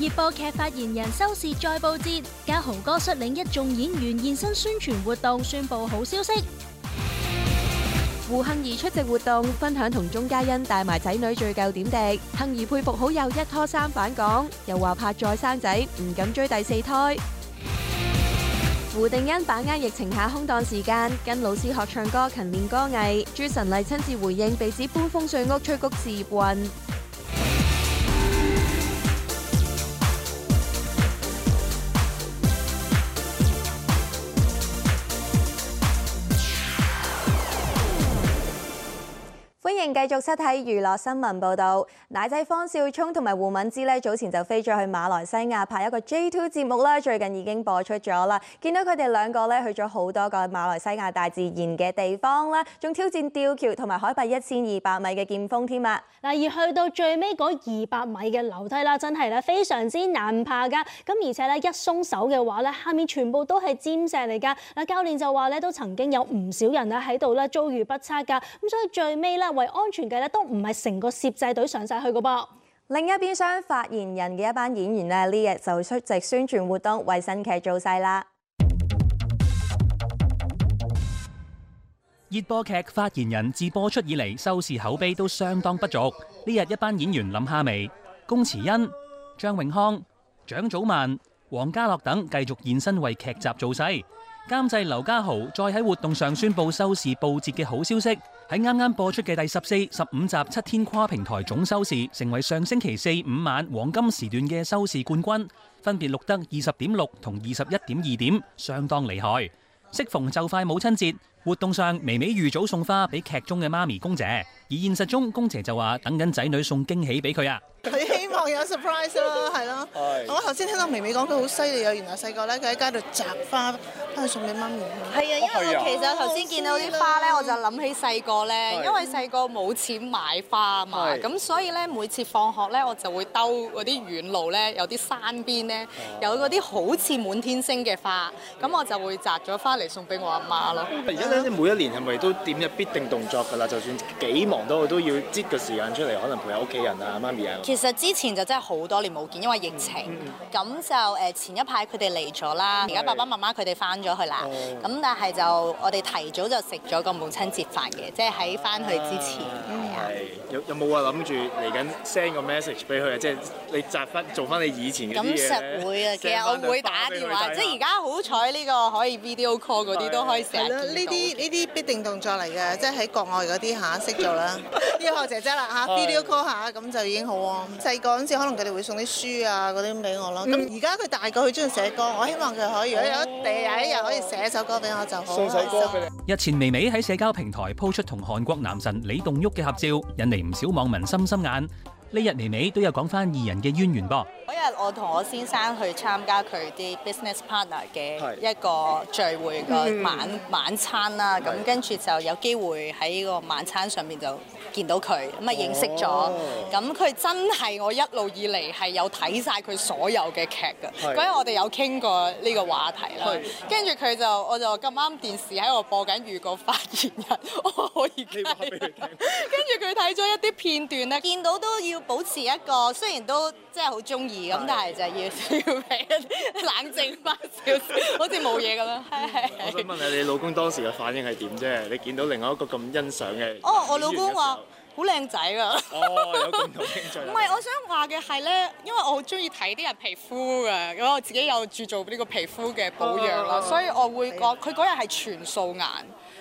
熱播劇發言人收視再報捷，加豪哥率領一眾演員現身宣傳活動，宣佈好消息。胡杏兒出席活動，分享同鍾嘉欣帶埋仔女敘舊點滴。杏兒佩服好友一拖三返港，又話怕再生仔，唔敢追第四胎。胡定欣把握疫情下空檔時間，跟老師學唱歌，勤練歌藝。朱晨麗親自回應，被指搬風水屋，催谷事業運。迎繼續收睇娛樂新聞報道，奶仔方少聰同埋胡敏芝咧，早前就飛咗去馬來西亞拍一個 J Two 節目啦，最近已經播出咗啦。見到佢哋兩個咧去咗好多個馬來西亞大自然嘅地方啦，仲挑戰吊橋同埋海拔一千二百米嘅劍峰添。啊，嗱，而去到最尾嗰二百米嘅樓梯啦，真係咧非常之難爬噶。咁而且咧一鬆手嘅話咧，下面全部都係尖石嚟噶。嗱，教練就話咧都曾經有唔少人咧喺度咧遭遇不測噶。咁所以最尾咧為安全計咧都唔係成個攝製隊上晒去噶噃。另一邊廂，發言人嘅一班演員呢，呢日就出席宣傳活動為新劇造勢啦。熱播劇《發言人》自播出以嚟收視口碑都相當不俗。呢日一班演員林夏薇、龔慈恩、張永康、蔣祖曼、王家樂等繼續現身為劇集造勢。監製劉家豪再喺活動上宣布收視報捷嘅好消息，喺啱啱播出嘅第十四、十五集七天跨平台總收視成為上星期四五晚黃金時段嘅收視冠軍，分別錄得二十點六同二十一點二點，相當厲害。適逢就快母親節，活動上微微預早送花俾劇中嘅媽咪公姐，而現實中公姐就話等緊仔女送驚喜俾佢啊。 有 surprise 咯，係咯。我頭先聽到微微講佢好犀利啊，原來細個咧佢喺街度摘花，翻去送俾媽咪。係啊，因為我其實頭先見到啲花咧，我就諗起細個咧，因為細個冇錢買花嘛，咁所以咧每次放學咧，我就會兜嗰啲遠路咧，有啲山邊咧，有嗰啲好似滿天星嘅花，咁我就會摘咗翻嚟送俾我阿媽咯。而家咧，每一年係咪都點入必定動作㗎啦？就算幾忙都，都要擠個時間出嚟，可能陪下屋企人啊，媽咪啊。其實之前。就真係好多年冇見，因為疫情。咁就誒前一排佢哋嚟咗啦，而家爸爸媽媽佢哋翻咗去啦。咁但係就我哋提早就食咗個母親節飯嘅，即係喺翻去之前。係，有，有冇話諗住嚟緊 send 個 message 俾佢啊？即係你扎翻做翻你以前嘅？咁實會啊，其實我會打電話。即係而家好彩呢個可以 video call 啲都可以成日。呢啲呢啲必定動作嚟嘅，即係喺國外啲吓識做啦。呢個姐姐啦吓 video call 下，咁就已經好喎。細個，咁可能佢哋會送啲書啊，嗰啲咁俾我咯。咁而家佢大個，佢中意寫歌，我希望佢可以有一日一日可以寫首歌俾我就好。送首歌俾你。日前，微微喺社交平台 po 出同韓國男神李棟旭嘅合照，引嚟唔少網民心心眼。呢日妮妮都有講翻二人嘅淵源噃。嗰日我同我先生去參加佢啲 business partner 嘅一個聚會個晚的晚，晚餐啦，咁跟住就有機會喺個晚餐上面就見到佢，咁啊認識咗。咁佢真係我一路以嚟，係有睇晒佢所有嘅劇嘅。嗰日的我哋有傾過呢個話題啦，跟住佢就我就咁啱電視喺度播緊《預告發言人》，我可以講開俾你聽。跟住佢睇咗一啲片段啊見 到都要。保持一個雖然都即係好中意咁，但係就係要要平一啲，冷靜翻少少，好似冇嘢咁咯。係係係。我想問下你老公當時嘅反應係點啫？你見到另外一個咁欣賞嘅哦，我老公話好靚仔噶。哦，有咁好興趣。唔係，我想話嘅係咧，因為我好中意睇啲人皮膚嘅，因為我自己有注重呢個皮膚嘅保養啦，所以我會講佢嗰日係全素顏，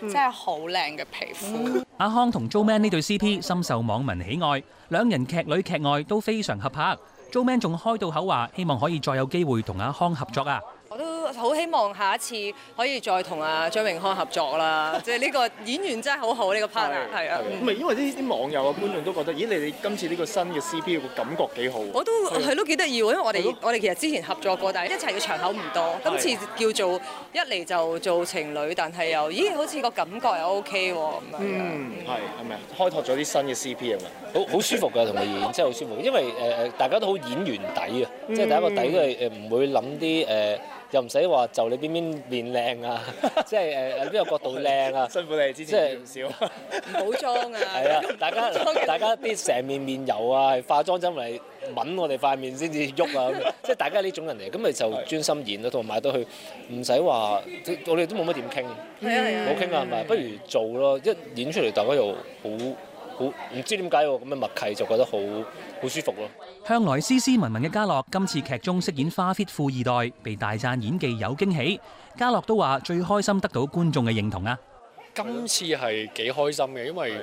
真係好靚嘅皮膚。阿康同 Joman 呢對 CP 深受網民喜愛。兩人劇裏劇外都非常合拍，Jo Man 仲開到口話希望可以再有機會同阿康合作啊！都好希望下一次可以再同阿張榮康合作啦！即係呢個演員真係好好呢個 partner，係啊。唔係因為呢啲網友啊觀眾都覺得，咦？你哋今次呢個新嘅 CP 個感覺幾好。我都係都幾得意喎，因為我哋我哋其實之前合作過，但係一齊嘅場口唔多。今次叫做一嚟就做情侶，但係又咦？好似個感覺又 OK 喎咁樣。嗯，係係咪啊？開拓咗啲新嘅 CP 啊嘛，好好舒服㗎同佢演，真係好舒服。因為誒誒，大家都好演員底啊，即係第一個底，都係誒唔會諗啲誒。又唔使話就你邊邊面靚啊！即係誒喺邊個角度靚啊？辛苦你哋之前少唔好裝啊！係啊，大家大家啲成面面油啊，化妝品嚟揾我哋塊面先至喐啊！即係、 就是、大家呢種人嚟，咁咪就專心演咯，啊，同埋都去唔使話，我哋都冇乜點傾，冇傾、 嗯、啊，係咪？的不如做咯！一演出嚟，大家又好。好唔知點解喎，咁嘅默契就覺得好好舒服咯。向來斯斯文文嘅嘉樂，今次劇中飾演花弗富二代，被大讚演技有驚喜。嘉樂都話最開心得到觀眾嘅認同啊！今次係幾開心嘅，因為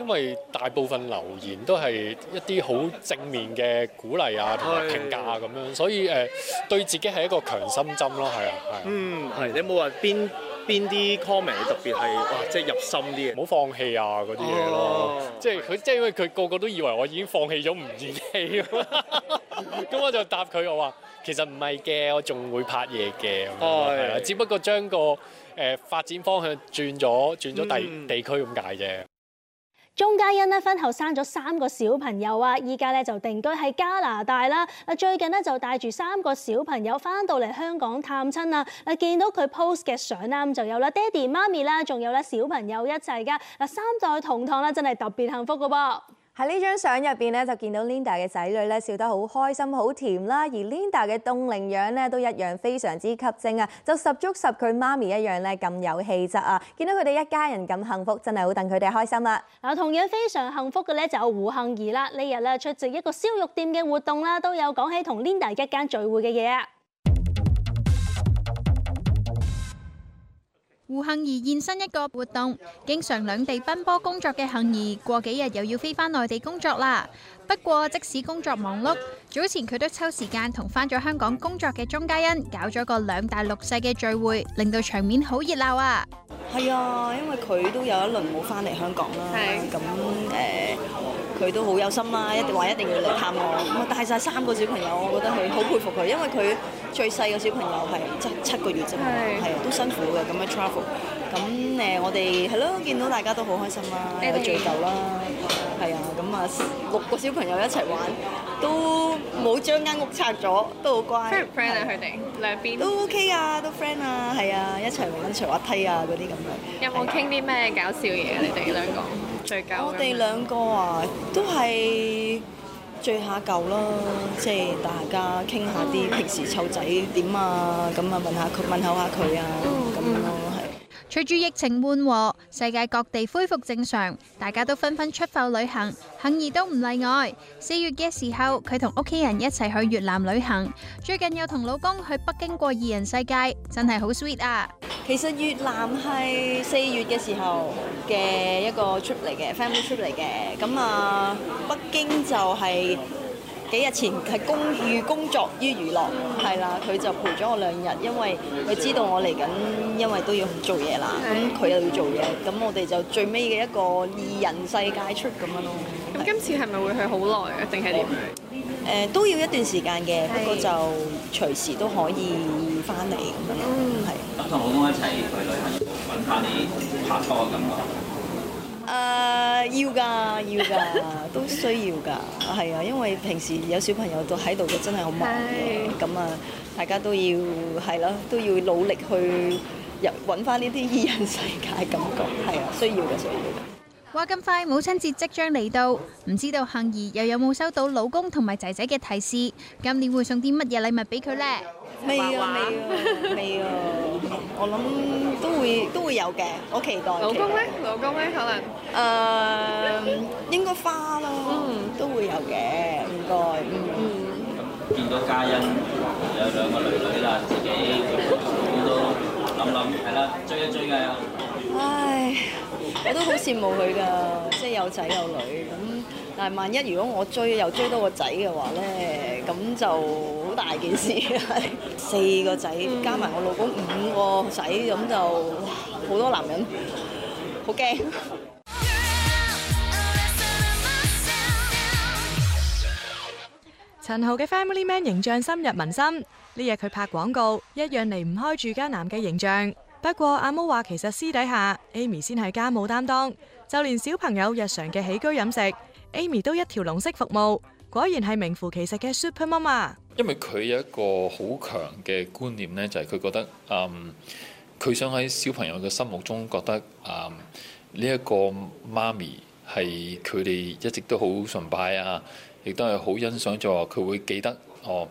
因為大部分留言都係一啲好正面嘅鼓勵啊，同埋評價啊咁樣，所以誒對自己係一個強心針咯，係啊，係。嗯，係你冇話邊？邊啲 comment 特別係哇，即係入心啲嘅，唔好放棄啊嗰啲嘢咯。即係佢，即係因為佢個個都以為我已經放棄咗唔演戲，咁 我就答佢我話：其實唔係嘅，我仲會拍嘢嘅。係啦、oh.，只不過將個誒、呃、發展方向轉咗，轉咗地、mm. 地區咁解啫。鍾嘉欣咧婚後生咗三個小朋友啊，依家咧就定居喺加拿大啦。嗱，最近咧就帶住三個小朋友翻到嚟香港探親啊。嗱，見到佢 post 嘅相啦，咁就有啦，爹哋媽咪啦，仲有啦小朋友一齊噶。嗱，三代同堂啦，真係特別幸福噶噃。喺呢張相入邊咧，就見到 Linda 嘅仔女咧笑得好開心、好甜啦。而 Linda 嘅凍齡樣咧都一樣非常之吸睛啊，就十足十佢媽咪一樣咧咁有氣質啊！見到佢哋一家人咁幸福，真係好等佢哋開心啦。嗱，同樣非常幸福嘅咧就有胡杏兒啦，呢日咧出席一個燒肉店嘅活動啦，都有講起同 Linda 一間聚會嘅嘢啊。胡杏兒現身一個活動，經常兩地奔波工作嘅杏兒，過幾日又要飛返內地工作啦。不過即使工作忙碌，早前佢都抽時間同返咗香港工作嘅鍾嘉欣搞咗個兩大六細嘅聚會，令到場面好熱鬧啊！係啊，因為佢都有一輪冇返嚟香港啦，咁誒佢都好有心啦，一定話一定要嚟探我，帶晒三個小朋友，我覺得佢好佩服佢，因為佢最細嘅小朋友係即係七個月啫嘛，係啊的，都辛苦嘅咁樣 travel。咁誒，我哋係咯，見到大家都好開心啦，又的聚舊啦，係啊，咁啊六個小朋友一齊玩都～冇將間屋拆咗，都好乖。friend 啊，佢哋是兩邊都 OK 啊，都 friend 啊，係啊，一齊玩一齊滑梯啊，嗰啲咁樣。啊、有冇傾啲咩搞笑嘢？ 你哋兩個最 我哋兩個啊，都係聚下舊啦，即係大家傾下啲平時湊仔點啊，咁啊問下佢，問候下佢啊，咁 咯。隨住疫情緩和，世界各地恢復正常，大家都紛紛出埠旅行，杏兒都唔例外。四月嘅時候，佢同屋企人一齊去越南旅行，最近又同老公去北京過二人世界，真係好 sweet 啊！其實越南係四月嘅時候嘅一個 trip 嚟嘅，family trip 嚟嘅。咁啊，北京就係、是。幾日前係工餘工作於娛樂，係啦、嗯，佢就陪咗我兩日，因為佢知道我嚟緊，因為都要做嘢啦，咁佢的又要做嘢，咁我哋就最尾嘅一個二人世界出咁樣咯。咁今次係咪會去好耐啊？定係點啊？誒都要一段時間嘅，的不過就隨時都可以翻嚟咁樣，係、嗯。咁同老公一齊去旅行，揾翻你拍拖嘅感覺啊！誒要㗎，要㗎，都需要㗎，係啊，因為平時有小朋友都喺度，就真係好忙嘅，咁啊的，大家都要係咯，都要努力去入搵返呢啲二人世界感覺，係啊，需要嘅，需要㗎，話咁快母親節即將嚟到，唔知道杏兒又有冇收到老公同埋仔仔嘅提示，今年會送啲乜嘢禮物俾佢咧？未啊，未啊，未啊，我諗都會都會有嘅，我期待。老公咧？老公咧？可能誒，應該花咯，都會有嘅，唔該，嗯嗯。咁見到嘉欣有兩個女女啦，自己都諗諗，係啦，追一追㗎。唉，我都好羨慕佢㗎，即係有仔有女咁。但係萬一如果我追又追多個仔嘅話咧，咁就～大件事係四個仔加埋我老公五個仔，咁就好多男人好驚。陳豪嘅 Family Man 形象深入民心。呢日佢拍廣告一樣離唔開住家男嘅形象。不過阿 Mo 話其實私底下 Amy 先係家務擔當，就連小朋友日常嘅起居飲食，Amy 都一條龍式服務。果然係名副其實嘅 Super Mama。因為佢有一個好強嘅觀念呢，就係佢覺得，嗯，佢想喺小朋友嘅心目中覺得，嗯，呢一個媽咪係佢哋一直都好崇拜啊，亦都係好欣賞，就話佢會記得，哦，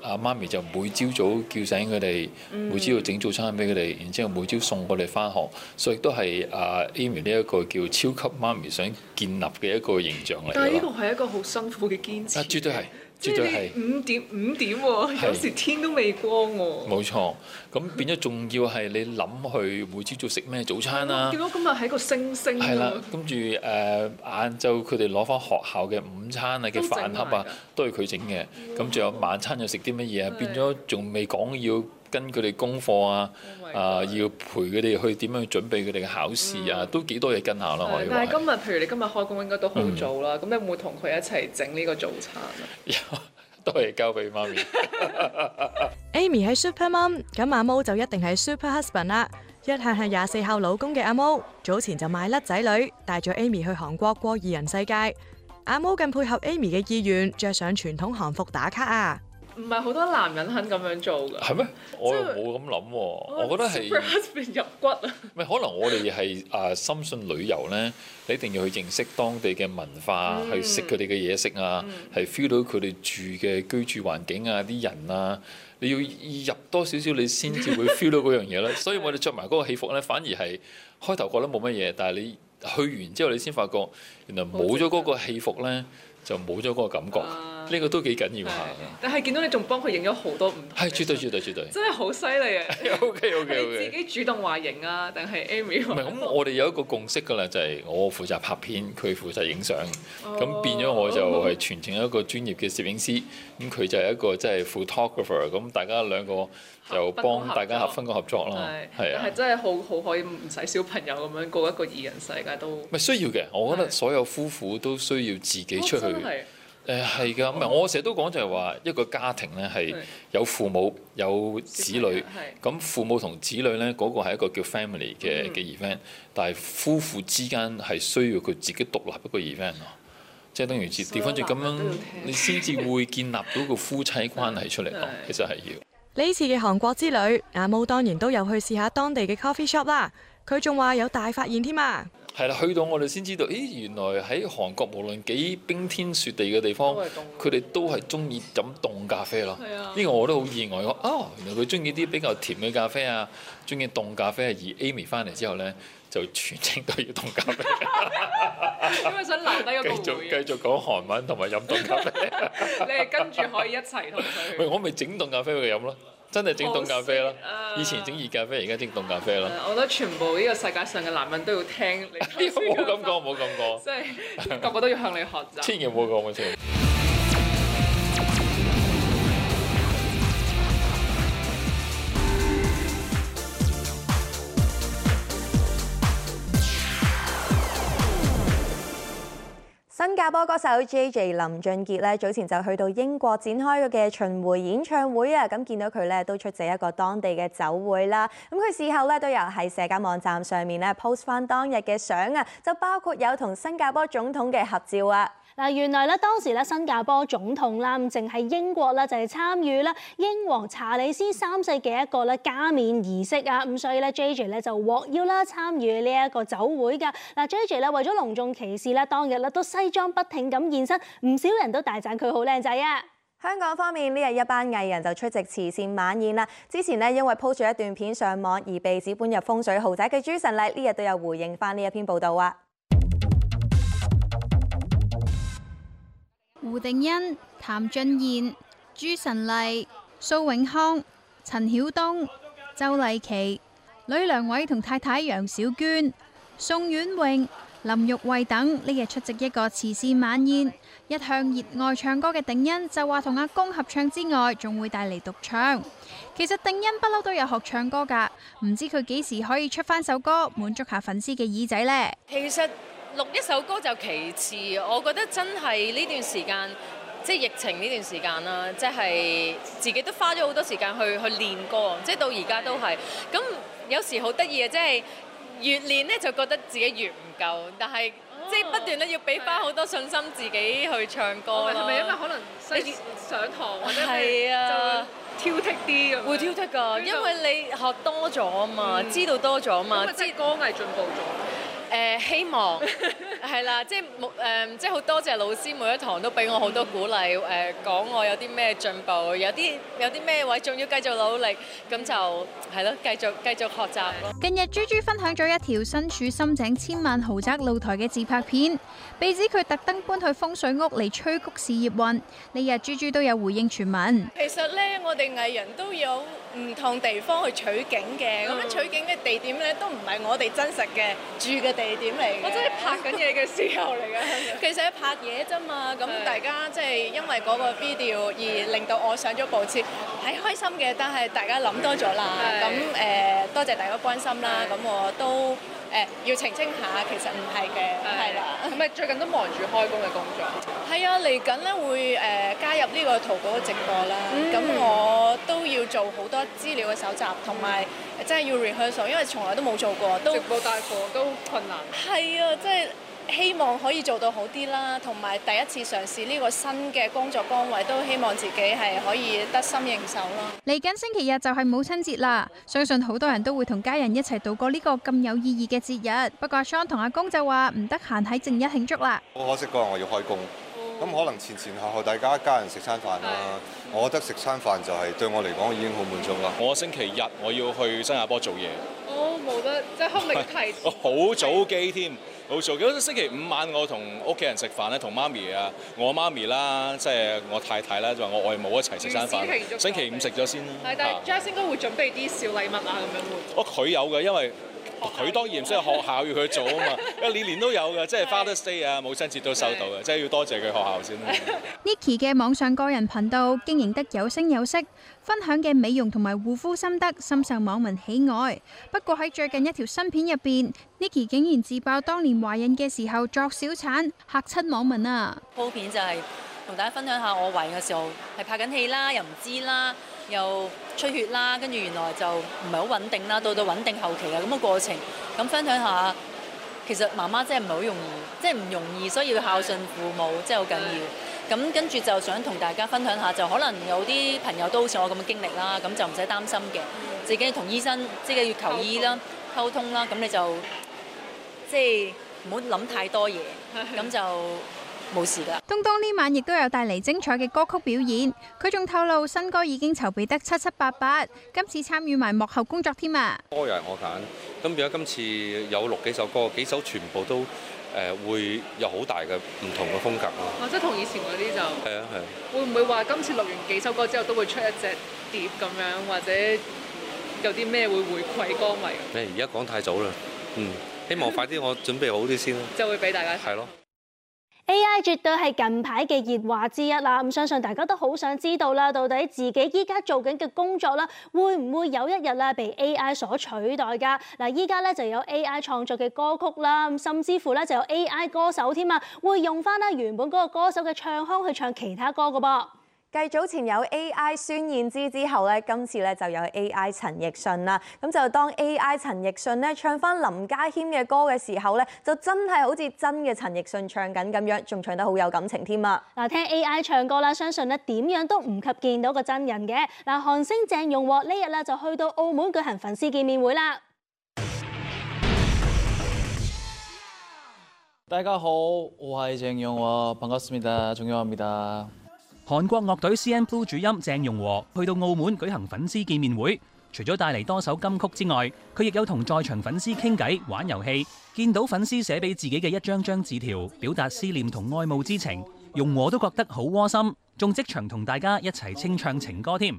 阿媽咪就每朝早叫醒佢哋，每朝要整早餐俾佢哋，然之後每朝送佢哋返學，所以都係阿 Amy 呢一個叫超級媽咪想建立嘅一個形象嚟。但係呢個係一個好辛苦嘅堅持。啊，絕對絕對係五點五是點喎，是有時天都未光喎。冇錯，咁 變咗仲要係你諗去每朝早食咩早餐啦。見到今日喺個星星、啊。係啦，跟住誒晏晝佢哋攞翻學校嘅午餐啊嘅飯盒啊，都係佢整嘅。咁仲有晚餐又食啲乜嘢啊？哇變咗仲未講要。跟佢哋功課啊，啊、oh、要陪佢哋去點樣去準備佢哋嘅考試啊，嗯、都幾多嘢跟下咯。但係今日，譬如你今日開工應該都好早啦，咁、嗯、你會唔會同佢一齊整呢個早餐啊？ 多嘢交俾媽咪。 Amy 喺 Super Mom 咁阿毛就一定係 Super Husband 啦。一向係廿四孝老公嘅阿毛，早前就買甩仔女，帶咗 Amy 去韓國過二人世界。阿毛更配合 Amy 嘅意願，着上傳統韓服打卡啊！唔係好多男人肯咁樣做㗎。係咩嗎？是我又冇咁諗，哦、我覺得係入骨啊。唔 係可能我哋係啊深信旅遊咧，你一定要去認識當地嘅文化，嗯、去食佢哋嘅嘢食啊，係 feel、嗯、到佢哋住嘅居住環境啊，啲人啊，你要入多少少你先至會 feel 到嗰樣嘢啦、啊。 所以我哋着埋嗰個戲服咧，反而係開頭覺得冇乜嘢，但係你去完之後你先發覺，原來冇咗嗰個戲服咧，就冇咗嗰個感覺。 呢個都幾緊要下，但係見到你仲幫佢影咗好多唔同。係絕對絕對絕對，真係好犀利啊！O K O K 自己主動話影啊，定係 Amy？唔係，咁，我哋有一個共識㗎啦，就係我負責拍片，佢負責影相，咁變咗我就係全程一個專業嘅攝影師，咁佢就係一個即係 photographer，咁大家兩個就幫大家合分工合作啦，係啊，係真係好好可以唔使小朋友咁樣過一個二人世界都唔係需要嘅，我覺得所有夫婦都需要自己出去。誒係噶，唔係我成日都講就係話一個家庭咧係有父母有子女，咁父母同子女咧嗰、那個係一個叫 family 嘅嘅 event，但係夫婦之間係需要佢自己獨立一個 event 咯，即、就、係、是、等於調翻轉咁樣，你先至會建立到個夫妻關係出嚟咯， 對其實係要。呢次嘅韓國之旅，阿武當然都有去試下當地嘅 coffee shop 啦，佢仲話有大發現添啊！係啦，去到我哋先知道，咦，原來喺韓國無論幾冰天雪地嘅地方，佢哋都係中意飲凍咖啡咯。呢 個我都好意外，喎，哦原來佢中意啲比較甜嘅咖啡啊，中意凍咖啡。而 Amy 翻嚟之後咧，就全程都要凍咖啡。 因為想留低個背影。 繼續繼續講韓文同埋飲凍咖啡。 你係跟住可以一齊同佢。喂， 我咪整凍咖啡佢飲咯。真係整凍咖啡囉！啊、以前整熱咖啡，而家整凍咖啡囉、啊。我覺得全部呢個世界上嘅男人都要聽你。唔好咁講，唔好咁講。即係 個個都要向你學習。千祈唔好講，唔好聽。新加坡歌手 JJ 林俊傑咧早前就去到英國展開嘅巡迴演唱會啊，咁見到佢咧都出席一個當地嘅酒會啦。咁佢事後咧都有喺社交網站上面咧 post 翻當日嘅相啊，就包括有同新加坡總統嘅合照啊。嗱，原來咧當時咧新加坡總統啦，咁淨係英國咧就係參與咧英皇查理斯三世嘅一個咧加冕儀式啊，咁所以咧 J J 咧就獲邀啦參與呢一個酒會噶。嗱，J J 咧為咗隆重其事咧，當日咧都西裝筆挺咁現身，唔少人都大讚佢好靚仔啊。香港方面呢日一班藝人就出席慈善晚宴啦。之前咧因為 po 住一段片上網而被指搬入風水豪宅嘅朱晨麗，呢日都有回應返呢一篇報導啊。胡定欣、譚俊彥、朱晨麗、蘇永康、陳曉東、周麗淇、呂良偉同太太楊小娟、宋婉穎、林玉慧等呢日出席一個慈善晚宴。一向熱愛唱歌嘅定欣就話同阿公合唱之外，仲會帶嚟獨唱。其實定欣不嬲都有學唱歌㗎，唔知佢幾時可以出返首歌，滿足下粉絲嘅耳仔呢？其實。錄一首歌就其次，我覺得真係呢段時間，即係疫情呢段時間啦，即係自己都花咗好多時間去去練歌，即係到而家都係。咁、係、有時好得意嘅，即係越練咧就覺得自己越唔夠，但係、哦、即係不斷都要俾翻好多信心自己去唱歌。係咪因為可能上堂或者係、啊、就會挑剔啲咁？會挑剔㗎，因為你學多咗啊嘛，嗯、知道多咗啊嘛，即係歌藝進步咗。誒、呃、希望係啦，即係冇誒，即係好多謝老師每一堂都俾我好多鼓勵，誒、呃、講我有啲咩進步，有啲有啲咩位仲要繼續努力，咁就係咯，繼續繼續學習咯。近日豬豬分享咗一條身處深井千萬豪宅露台嘅自拍片，被指佢特登搬去風水屋嚟吹谷事業運。呢日豬豬都有回應傳聞，其實咧我哋藝人都有。唔同地方去取景嘅，咁樣取景嘅地點咧都唔係我哋真實嘅住嘅地點嚟。我真係拍緊嘢嘅時候嚟嘅，其實係拍嘢啫嘛。咁大家即係因為嗰個 video 而令到我上咗部車，係開心嘅。但係大家諗多咗啦。咁誒，多謝大家關心啦。咁我都。誒、呃、要澄清下，其實唔係嘅，係啦，唔係最近都忙住開工嘅工作。係 啊，嚟緊咧會誒、呃、加入呢個淘寶嘅直播啦，咁、mm hmm. 我都要做好多資料嘅搜集，同埋真係要 research，因為從來都冇做過。都直播帶貨都困難。係 啊，真係。希望可以做到好啲啦，同埋第一次嘗試呢個新嘅工作崗位，都希望自己係可以得心應手咯。嚟緊星期日就係母親節啦，相信好多人都會同家人一齊度過呢個咁有意義嘅節日。不過阿雙同阿公就話唔得閒喺正一慶祝啦。好可惜啩，我要開工，咁可能前前後後大家一家人食餐飯啦。是我覺得食餐飯就係、是、對我嚟講已經好滿足啦。我星期日我要去新加坡做嘢。我冇、oh，得，即係後嚟提好早機添，好早機。我機的星期五晚我同屋企人食飯咧，同媽咪啊，我媽咪啦，即係我太太啦，就話我外母一齊食餐飯。星期五食咗先啦。係的，的但係 Jack 應該會準備啲小禮物啊，咁樣會。哦，佢有嘅，因為。佢當然唔需要學校要佢做啊嘛，因為年年都有嘅，即係 Father's Day 啊，母親節都收到嘅，即係要多謝佢學校先。Niki 嘅網上個人頻道經營得有聲有色，分享嘅美容同埋護膚心得深受網民喜愛。不過喺最近一條新片入邊，Niki 竟然自爆當年懷孕嘅時候作小產，嚇親網民啊！鋪片就係、是、同大家分享下我懷孕嘅時候係拍緊戲啦，又唔知啦。又出血啦，跟住原來就唔係好穩定啦，到到穩定後期啦，咁個過程，咁分享下，其實媽媽真係唔係好容易，即係唔容易，所以要孝順父母真係好緊要。咁跟住就想同大家分享下，就可能有啲朋友都好似我咁嘅經歷啦，咁就唔使擔心嘅，自己同醫生即係要求醫啦、溝通啦，咁你就即係唔好諗太多嘢，咁就。 冇事噶。東東呢晚亦都有帶嚟精彩嘅歌曲表演。佢仲透露新歌已經籌備得七七八八，今次參與埋幕後工作添啊。歌人我揀，咁而家今次有錄幾首歌，幾首全部都誒會有好大嘅唔同嘅風格啊。哦，即係同以前嗰啲就係啊係。啊會唔會話今次錄完幾首歌之後都會出一隻碟咁樣，或者有啲咩會回饋歌迷？誒，而家講太早啦。嗯，希望快啲我準備好啲先啦、啊， 就會俾大家睇對。咯。A.I. 絕對係近排嘅熱話之一啦！相信大家都好想知道啦，到底自己依家做緊嘅工作咧，會唔會有一日啊被 A.I. 所取代㗎？嗱，依家咧就有 A.I. 創作嘅歌曲啦，甚至乎咧就有 A.I. 歌手添啊，會用返原本嗰個歌手嘅唱腔去唱其他歌㗎噃。繼早前有 AI 孫燕姿之後咧，今次咧就有 AI 陳奕迅啦。咁就當 AI 陳奕迅咧唱翻林家謙嘅歌嘅時候咧，就真係好似真嘅陳奕迅唱緊咁樣，仲唱得好有感情添啊！嗱，聽 AI 唱歌啦，相信咧點樣都唔及見到個真人嘅。嗱，韓星鄭容和呢日啦就去到澳門舉行粉絲見面會啦。大家好，我係鄭容和，邦加思密達，仲有。韓國樂隊 CNBLUE 主音鄭容和去到澳門舉行粉絲見面會，除咗帶嚟多首金曲之外，佢亦有同在場粉絲傾偈、玩遊戲，見到粉絲寫俾自己嘅一張張字條，表達思念同愛慕之情，容和都覺得好窩心，仲即場同大家一齊清唱情歌添。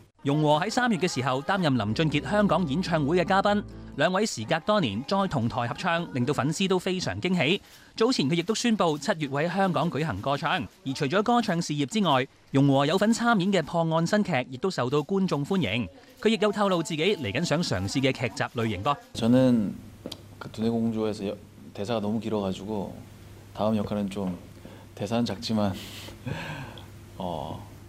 容和喺三月嘅時候擔任林俊傑香港演唱會嘅嘉賓，兩位時隔多年再同台合唱，令到粉絲都非常驚喜。早前佢亦都宣布七月會喺香港舉行歌唱，而除咗歌唱事業之外，容和有份參演嘅破案新劇亦都受到觀眾歡迎。佢亦有透露自己嚟緊想嘗試嘅劇集類型噃。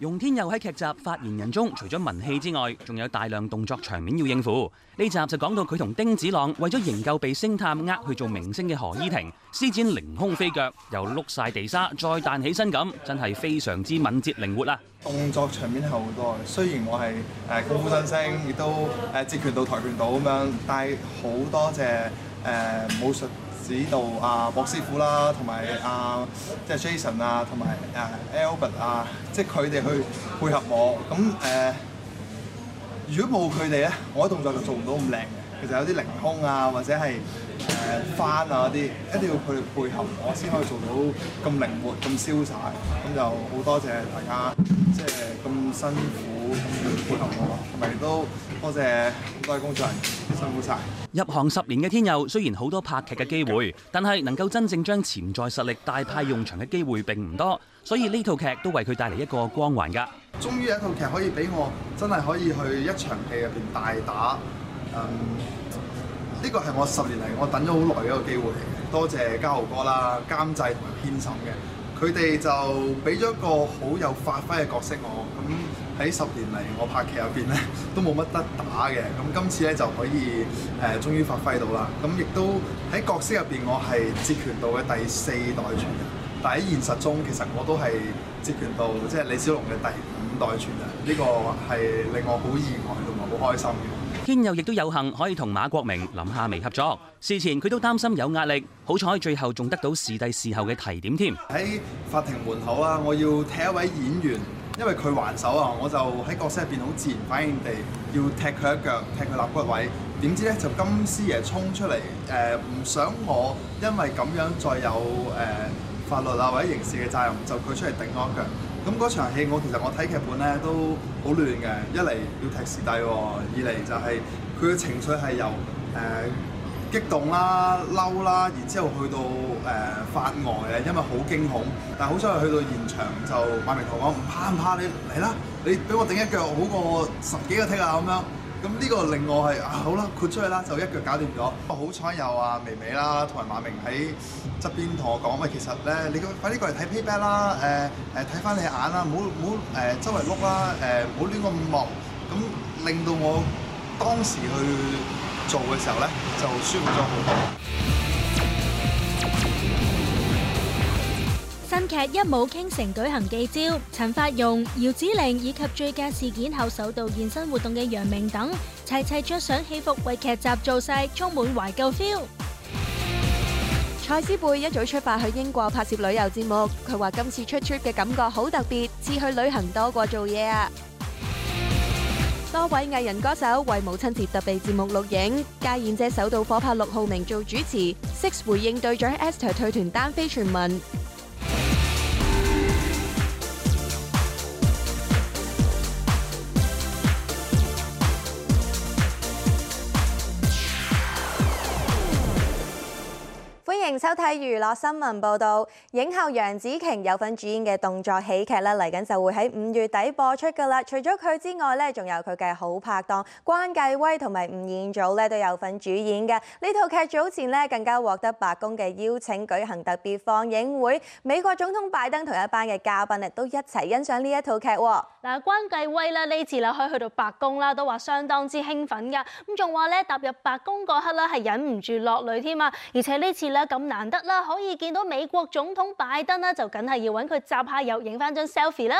容天佑喺劇集發言人中，除咗文戲之外，仲有大量動作場面要應付。呢集就講到佢同丁子朗為咗營救被星探呃去做明星嘅何依婷，施展凌空飛腳，又碌晒地沙，再彈起身咁，真係非常之敏捷靈活啦！動作場面係好多，雖然我係功夫新星，亦都截拳道、跆拳道咁樣，但係好多只誒、呃、武術。指導啊，博師傅啦，同埋啊，即係 Jason 啊，同埋誒 Albert 啊，即係佢哋去配合我。咁誒、啊，如果冇佢哋咧，我啲動作就做唔到咁靚。其實有啲凌空啊，或者係。誒翻、 嗯、啊啲，一定要佢哋配合我先可以做到咁靈活、咁瀟灑，咁就好多謝大家，即係咁辛苦配合我，同埋都多謝多位工作人員辛苦晒。入行十年嘅天佑，雖然好多拍劇嘅機會，但係能夠真正將潛在實力大派用場嘅機會並唔多，所以呢套劇都為佢帶嚟一個光環㗎。終於有一套劇可以俾我，真係可以去一場戲入邊大打嗯。呢個係我十年嚟我等咗好耐嘅一個機會嚟嘅，多謝嘉豪哥啦、監製同埋編審嘅，佢哋就俾咗一個好有發揮嘅角色我。咁喺十年嚟我拍劇入邊咧都冇乜得打嘅，咁今次咧就可以誒終於發揮到啦。咁亦都喺角色入邊我係截拳道嘅第四代傳人，但喺現實中其實我都係截拳道即係李小龍嘅第五代傳人，呢個係令我好意外同埋好開心嘅。天佑亦都有幸可以同馬國明、林夏薇合作，事前佢都擔心有壓力，好彩最後仲得到視帝，事後嘅提點添。喺法庭門口啊，我要踢一位演員，因為佢還手啊，我就喺角色入邊好自然反應地要踢佢一腳，踢佢肋骨位，點知咧就金師爺衝出嚟，誒唔想我因為咁樣再有誒法律啊或者刑事嘅責任，就佢出嚟頂我一腳。咁嗰場戲，我其實我睇劇本咧都好亂嘅，一嚟要踢視帝喎，二嚟就係佢嘅情緒係由誒、呃、激動啦、嬲啦，然之後去到誒、呃、發呆呀，因為好驚恐。但係好彩係去到現場就擺明同我講唔怕唔怕，你嚟啦，你俾我頂一腳好過十幾個踢啊咁樣。咁呢個令我係啊，好啦豁出去啦，就一腳搞掂咗。好啊，好彩有阿微微啦、啊，同埋馬明喺側邊同我講，喂，其實咧你快啲過嚟睇 payback 啦。誒誒睇翻你眼啦，唔好唔好誒周圍碌啦，誒唔好亂咁望。咁、嗯、令到我當時去做嘅時候咧，就舒服咗好多。 新劇《一舞傾城》舉行記招，陳法蓉、姚子羚以及醉駕事件後首度現身活動嘅楊明等，齊齊着上戲服為劇集造勢，充滿懷舊 feel。蔡思貝一早出發去英國拍攝旅遊節目，佢話今次出 trip 嘅感覺好特別，似去旅行多過做嘢啊。多位藝人歌手為母親節特備節目錄影，家燕姐首度火拍陸浩明做主持。Six 回應隊長 Esther 退團單飛傳聞。收睇娛樂新聞報道，影后楊紫瓊有份主演嘅動作喜劇咧，嚟緊就會喺五月底播出噶啦。除咗佢之外咧，仲有佢嘅好拍檔關繼威同埋吳彥祖咧都有份主演嘅呢套劇。劇早前咧更加獲得白宮嘅邀請舉行特別放映會，美國總統拜登同一班嘅嘉賓咧都一齊欣賞呢一套劇。嗱，關繼威咧呢次咧可以去到白宮啦，都話相當之興奮噶，咁仲話咧踏入白宮嗰刻咧係忍唔住落淚添啊，而且呢次咧咁。難得啦，可以見到美國總統拜登咧，就梗係要搵佢集下油，影翻張 selfie 啦。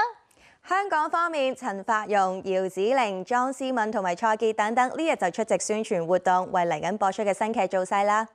香港方面，陳法蓉、姚子羚、莊思敏同埋蔡潔等等，呢日就出席宣傳活動，為嚟緊播出嘅新劇造勢啦。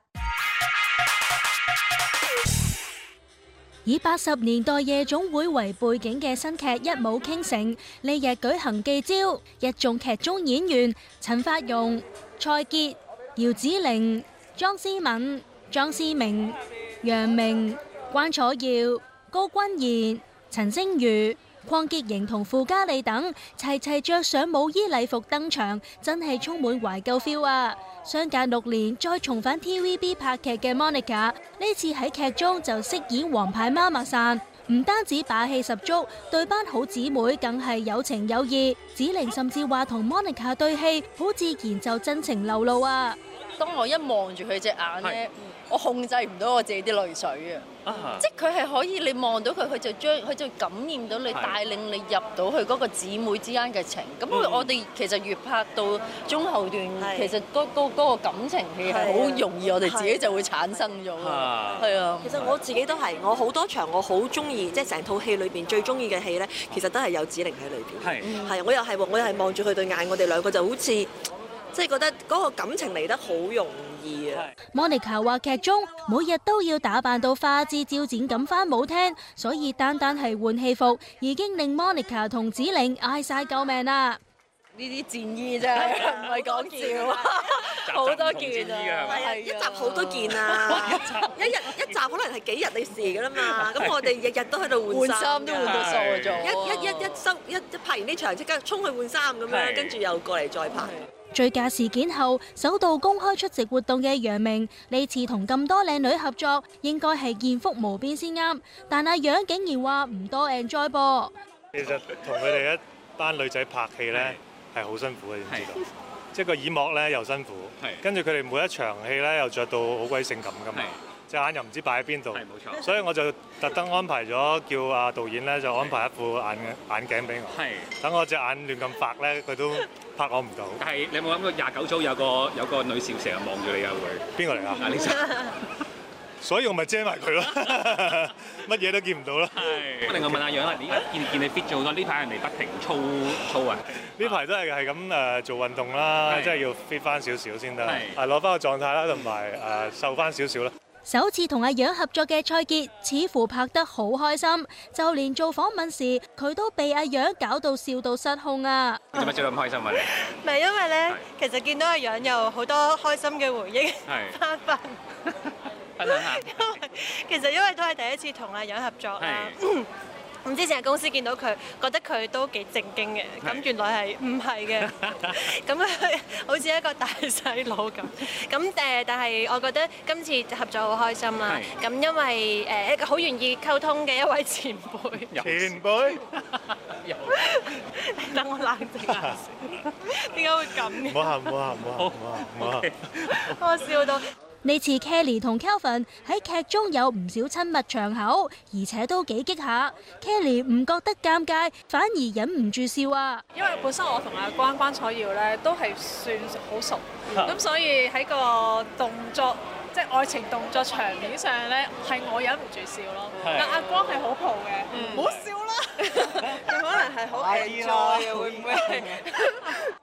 以八十年代夜總會為背景嘅新劇《一舞傾城》，呢日舉行記招，一眾劇中演員陳法蓉、蔡潔、姚子羚、莊思敏、莊思明、楊明、關楚耀、高君賢、陳星妤、鄺潔瑩同傅嘉莉等齊齊着上舞衣禮服登場，真係充滿懷舊 feel 啊！相隔六年再重返 TVB 拍劇嘅 Monica，呢次喺劇中就飾演王牌媽媽散，唔單止霸氣十足，對班好姊妹更係有情有義。子玲甚至話同 Monica 對戲好自然，就真情流露啊！當我一望住佢隻眼咧，是我控制唔到我自己啲淚水啊！Uh huh. 即係佢係可以，你望到佢，佢就將佢就感染到你，是帶領你入到去嗰個姊妹之間嘅情。咁、uh huh. 我哋其實越拍到中後段，uh huh. 其實嗰、那個那個感情戲係好容易，我哋自己就會產生咗。係、uh huh. 啊，其實我自己都係，我好多場我好中意，即係成套戲裏邊最中意嘅戲咧，其實都係有子玲喺裏邊。係、uh huh.，我又係，我又係望住佢對眼，我哋兩個就好似。覺得嗰個感情嚟得好容易啊，Monica 話劇中每日都要打扮到花枝招展咁翻舞廳，所以單單係換戲服，已經令 Monica 同指令嗌晒救命啦。醉駕事件後，首度公開出席活動嘅楊明，呢次同咁多靚女合作，應該係艷福無邊先啱。但阿楊竟然話唔多 enjoy 噃。其實同佢哋一班女仔拍戲咧，係好辛苦嘅，的你知道？的即個耳膜咧又辛苦，跟住佢哋每一場戲咧又着到好鬼性感㗎嘛。隻眼又唔知擺喺邊度，係冇錯，所以我就特登安排咗叫阿導演咧就安排一副眼眼鏡俾我，係等我隻眼亂咁白咧，佢都拍我唔到。但係你有冇諗過廿九組有個有個女攝成日望住你啊？會邊個嚟啊？所以我咪遮埋佢咯，乜嘢都見唔到啦。我另外問阿楊啦，點解見見你 fit 咗好多？呢排人哋不停操操啊？呢排都係係咁誒做運動啦，真係要 fit 翻少少先得，係攞翻個狀態啦，同埋誒瘦翻少少啦。首次同阿楊合作嘅蔡潔，似乎拍得好開心，就連做訪問時，佢都被阿楊搞到笑到失控啊！做乜笑咁開心啊？唔係因為咧，是其實見到阿楊有好多開心嘅回憶，翻翻。因為其實因為都係第一次同阿楊合作啦。唔知成日公司見到佢，覺得佢都幾正經嘅，咁原來係唔係嘅。呢次 Kelly 同 Kelvin 喺劇中有唔少親密場口，而且都幾激下。Kelly Okay .唔覺得尷尬，反而忍唔住笑啊！因為本身我同阿關關楚耀咧都係算好熟，咁 所以喺個動作即係、就是、愛情動作場面上咧，係我忍唔住笑咯。 但阿光係好蒲嘅，唔、 嗯、好笑啦，佢 可能係好期待會唔會？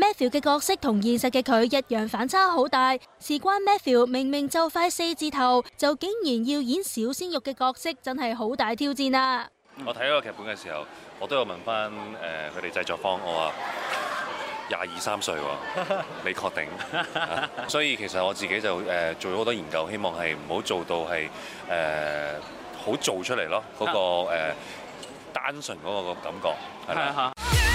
Matthew 嘅角色同現實嘅佢一樣反差好大，事關 Matthew 明明就快四字頭，就竟然要演小鮮肉嘅角色，真係好大挑戰啊！我睇嗰個劇本嘅時候，我都有問翻誒佢哋製作方，我話，廿二三歲喎，你確定？ 所以其實我自己就誒做咗好多研究，希望係唔好做到係誒好做出嚟咯，嗰、嗰個誒、呃、單純嗰個個感覺係啊。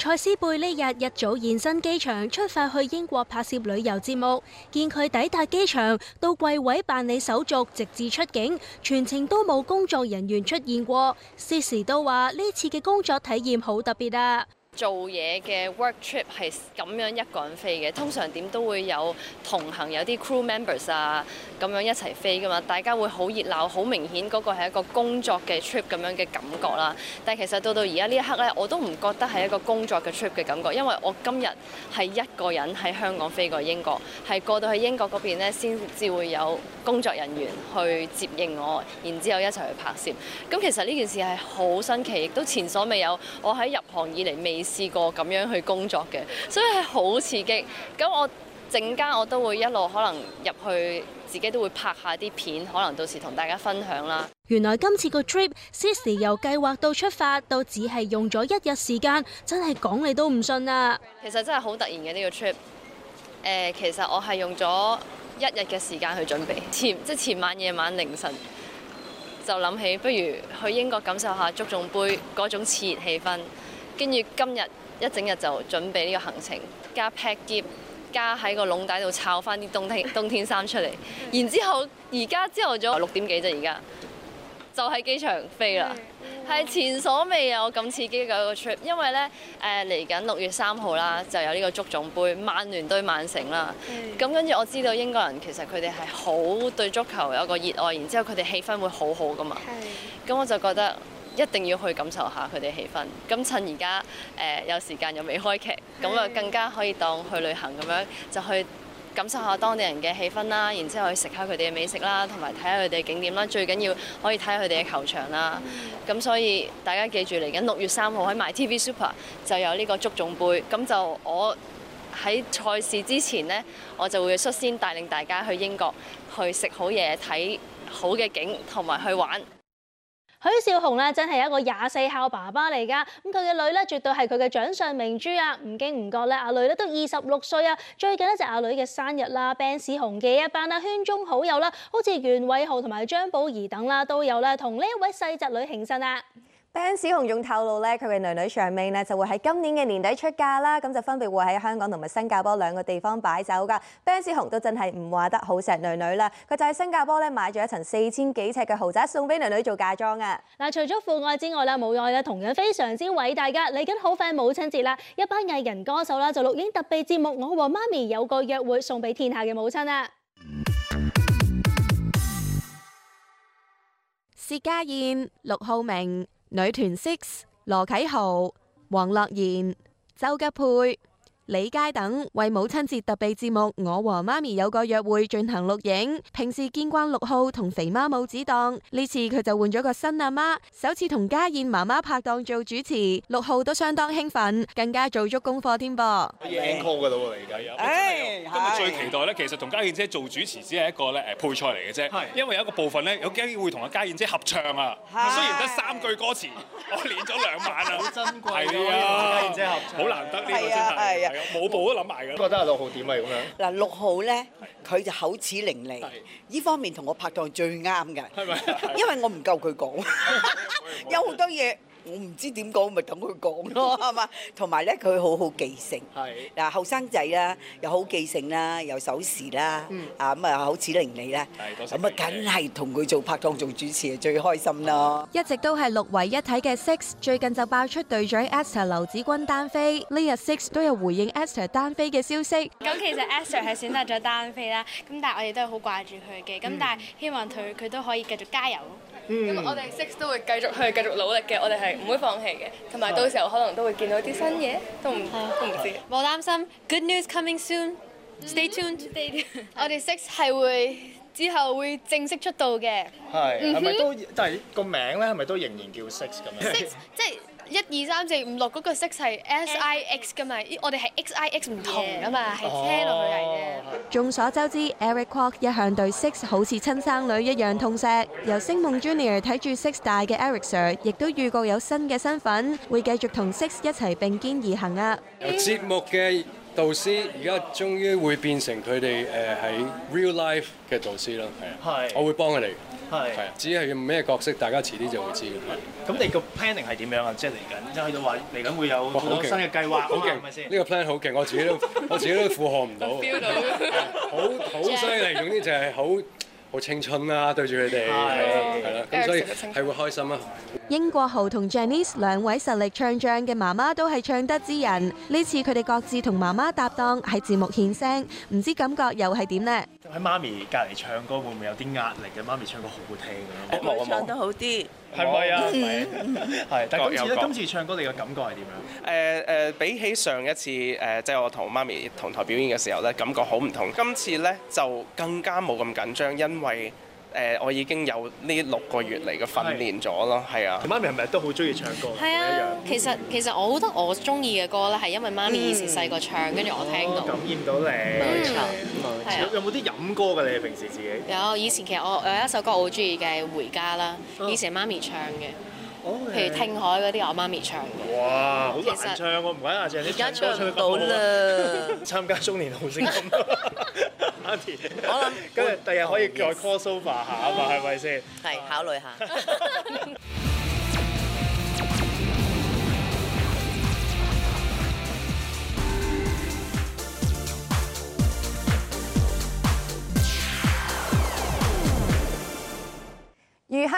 蔡思貝呢日一早現身機場，出發去英國拍攝旅遊節目。見佢抵達機場，到櫃位辦理手續，直至出境，全程都冇工作人員出現過。時時都話呢次嘅工作體驗好特別啊！做嘢嘅 work trip 係咁樣一個人飛嘅，通常點都會有同行有啲 crew members 啊，咁樣一齊飛噶嘛，大家會好熱鬧，好明顯嗰個係一個工作嘅 trip 咁樣嘅感覺啦。但係其實到到而家呢一刻咧，我都唔覺得係一個工作嘅 trip 嘅感覺，因為我今日係一個人喺香港飛過英國，係過到去英國嗰邊咧，先至會有。工作人員去接應我，然之後一齊去拍攝。咁其實呢件事係好新奇，亦都前所未有。我喺入行以嚟未試過咁樣去工作嘅，所以係好刺激。咁我陣間我都會一路可能入去，自己都會拍下啲片，可能到時同大家分享啦。原來今次個 trip，Sis 由計劃到出發都只係用咗一日時間，真係講你都唔信啊！其實真係好突然嘅呢、呢個 trip、呃。其實我係用咗。一日嘅時間去準備，前即係前晚夜晚凌晨就諗起，不如去英國感受下足總杯嗰種熾熱氣氛。跟住今日一整日就準備呢個行程，加劈劫，加喺個籠底度摷翻啲冬天冬天衫出嚟。 然之後而家朝頭早六點幾啫，而家。就喺機場飛啦，係、嗯嗯、前所未有咁刺激嘅一個 trip，因為呢誒嚟緊六月三號啦，嗯、就有呢個足總杯曼聯對曼城啦。咁跟住我知道英國人其實佢哋係好對足球有個熱愛，然之後佢哋氣氛會好好㗎嘛。咁、嗯、我就覺得一定要去感受下佢哋氣氛。咁趁而家誒有時間又未開劇，咁啊、嗯、更加可以當去旅行咁樣就去。感受下當地人嘅氣氛啦，然之後去食下佢哋嘅美食啦，同埋睇下佢哋嘅景點啦，最緊要可以睇下佢哋嘅球場啦。咁所以大家記住，嚟緊六月三號喺 myTV Super 就有呢個足總杯。咁就我喺賽事之前呢，我就會率先帶領大家去英國，去食好嘢、睇好嘅景，同埋去玩。許紹雄真係一個廿四孝爸爸嚟㗎，咁佢嘅女咧絕對係佢嘅掌上明珠啊！唔經唔覺，阿女咧都二十六歲啊！最近咧就阿、是、女嘅生日啦，Ben 紹雄嘅一班啦圈中好友啦，好似袁偉豪同埋張寶兒等啦都有咧同呢和這位細侄女慶生啊！band 子雄仲透露咧，佢嘅女女尚美咧，就會喺今年嘅年底出嫁啦，咁就分別會喺香港同埋新加坡兩個地方擺酒噶。band 子雄都真係唔話得好錫女女啦，佢就喺新加坡咧買咗一層四千幾尺嘅豪宅送俾女女做嫁妝啊！嗱，除咗父愛之外咧，母愛咧同樣非常之偉大噶。嚟緊好快母親節啦，一班藝人歌手啦就錄影特備節目《我和媽咪有個約會》送俾天下嘅母親啊！薛家燕、陸浩明。女團 Six，羅啟豪、黃樂妍、周吉佩、李佳等為母親節特備節目《我和媽咪有個約會》進行錄影。平時見慣六號同肥媽母子檔，呢次佢就換咗個新阿媽，首次同家燕媽媽拍檔做主持。六號都相當興奮，更加做足功課添噃。要 encore 噶啦喎，而家，今日最期待咧，其實同家燕姐做主持只係一個咧誒配菜嚟嘅啫，是因為有一個部分咧，有機會同阿家燕姐合唱啊。雖然得三句歌詞，我練咗兩晚啊，好珍貴啊，家燕姐合唱，好難得呢個先係。冇部都諗埋㗎，覺得六號怎、啊、六號點啊咁樣？嗱是，六號呢，佢就口齒伶俐，呢是方面同我拍檔是最啱㗎。係咪？因為我唔夠佢講，是是 有好 多嘢。我唔知點講，咪等佢講咯，係嘛？同埋咧，佢好好記性，嗱後生仔啦，又好記性啦，又守時啦，啊咁啊，口齒伶俐咧，咁啊，梗係同佢做拍檔做主持係最開心咯。一直都係六位一體嘅 Six，最近就爆出隊長 Esther 劉子君單飛。呢日 Six 都有回應 Esther 單飛嘅消息。咁其實 Esther 係選擇咗單飛啦，咁但係我哋都係好掛住佢嘅，咁但係希望佢佢都可以繼續加油。咁我哋 Six 都會繼續去繼續努力嘅，我哋係唔會放棄嘅，同埋到時候可能都會見到啲新嘢，都唔都唔知。冇擔心，Good news coming soon，Stay tuned，我哋 Six 係會之後會正式出道嘅。係，係咪都但係個名咧？係咪都仍然叫 Six 咁樣？一二三四五六嗰個色係 SIX 噶嘛，我哋係 XIX 唔同噶嘛，係車落去係嘅。眾所周知，Eric Kwok 一向對 Six 好似親生女一樣痛錫。由星夢 Junior 睇住 Six 大嘅 Eric Sir，亦都預告有新嘅身份，會繼續同 Six 一齊並肩而行啊！由節目嘅導師，而家終於會變成佢哋誒喺 Real Life 嘅導師囉，係啊，我會幫佢哋。係，只係用咩角色，大家遲啲就會知。咁你個 planning 係點樣啊？即係嚟緊，即係去到話嚟緊會有好新嘅計劃，係咪先？呢個 plan 好勁，我自己都 我自己都負荷唔到，好好犀利。總之 就係好好青春啦，啊，對住佢哋係啦。咁 所以係會開心啊！英國豪同 Janice 兩位實力唱將嘅媽媽都係唱得之人，呢次佢哋各自同媽媽搭檔喺節目獻聲，唔知感覺又係點呢？喺媽咪隔離唱歌會唔會有啲壓力嘅？媽咪唱歌好好聽嘅，唱得好啲，係咪啊？係我唔係。 各有各，但係今次咧，今次唱歌你嘅感覺係點樣？誒誒，比起上一次誒，即係我同媽咪同台表演嘅時候咧，感覺好唔同。今次咧就更加冇咁緊張，因為。誒，我已經有呢六個月嚟嘅訓練咗咯，係啊。你媽咪係咪都好中意唱歌？係啊，其實其實我覺得我中意嘅歌咧，係因為媽咪以前細個唱，跟住、嗯、我聽到感染到你。冇、嗯、錯，錯，有冇啲飲歌㗎？你平時自己有，以前其實我有一首歌我好中意嘅，回家啦，以前媽咪唱嘅。譬 如聽海嗰啲，我媽咪唱嘅。哇，好難唱，我唔揀阿，你而家唱唔到啦。 參加中年好聲音。阿 田母。我諗跟住第日可以叫我 call sofa 下啊嘛，係咪先？係吧，考慮下。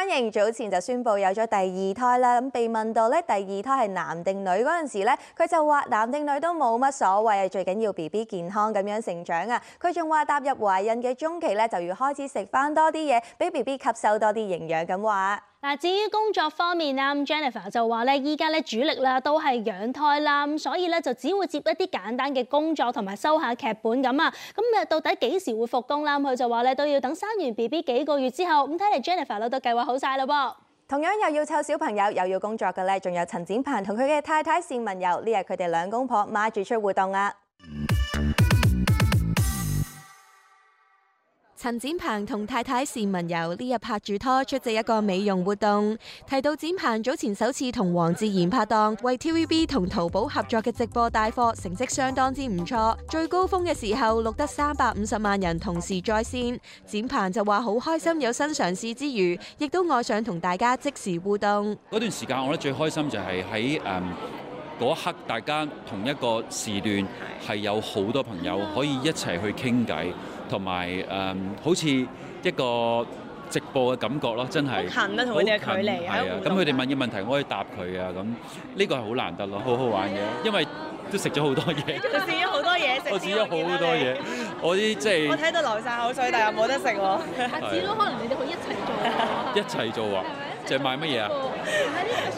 關盈早前就宣布有咗第二胎啦。咁被問到咧第二胎係男定女嗰陣時咧，佢就話男定女都冇乜所謂啊，最緊要 BB 健康咁樣成長啊。佢仲話踏入懷孕嘅中期咧，就要開始食翻多啲嘢，俾 BB 吸收多啲營養咁話。嗱，至於工作方面啊，咁 Jennifer 就話咧，依家咧主力啦都係養胎啦，咁所以咧就只會接一啲簡單嘅工作同埋收下劇本咁啊。咁啊，到底幾時會復工啦？佢就話咧都要等生完 B B 幾個月之後。咁睇嚟 Jennifer 都計劃好晒咯喎。同樣又要湊小朋友又要工作嘅咧，仲有陳展鵬同佢嘅太太單文柔，呢日佢哋兩公婆孖住出活動啊。陳展鵬同太太單文柔呢日拍住拖出席一個美容活動，提到展鵬早前首次同黃智賢拍檔，為 TVB 同淘寶合作嘅直播帶貨，成績相當之唔錯，最高峰嘅時候錄得三百五十萬人同時在線。展鵬就話好開心有新嘗試之餘，亦都愛上同大家即時互動。嗰段時間我覺得最開心就係喺誒嗰一刻，大家同一個時段係有好多朋友可以一齊去傾偈。同埋誒，好似一個直播嘅感覺咯，真係近，近啊，同佢哋嘅距離係啊，咁佢哋問嘅問題我可以答佢啊，咁、嗯、呢、呢個係好難得咯，好好玩嘅，因為都食咗好多嘢。 多 我試咗好多嘢食。 我試咗好多嘢， 我啲即係我睇到流晒口水，但係冇得食喎。下次都可能你哋可以一齊做。一齊做啊！就買乜嘢啊？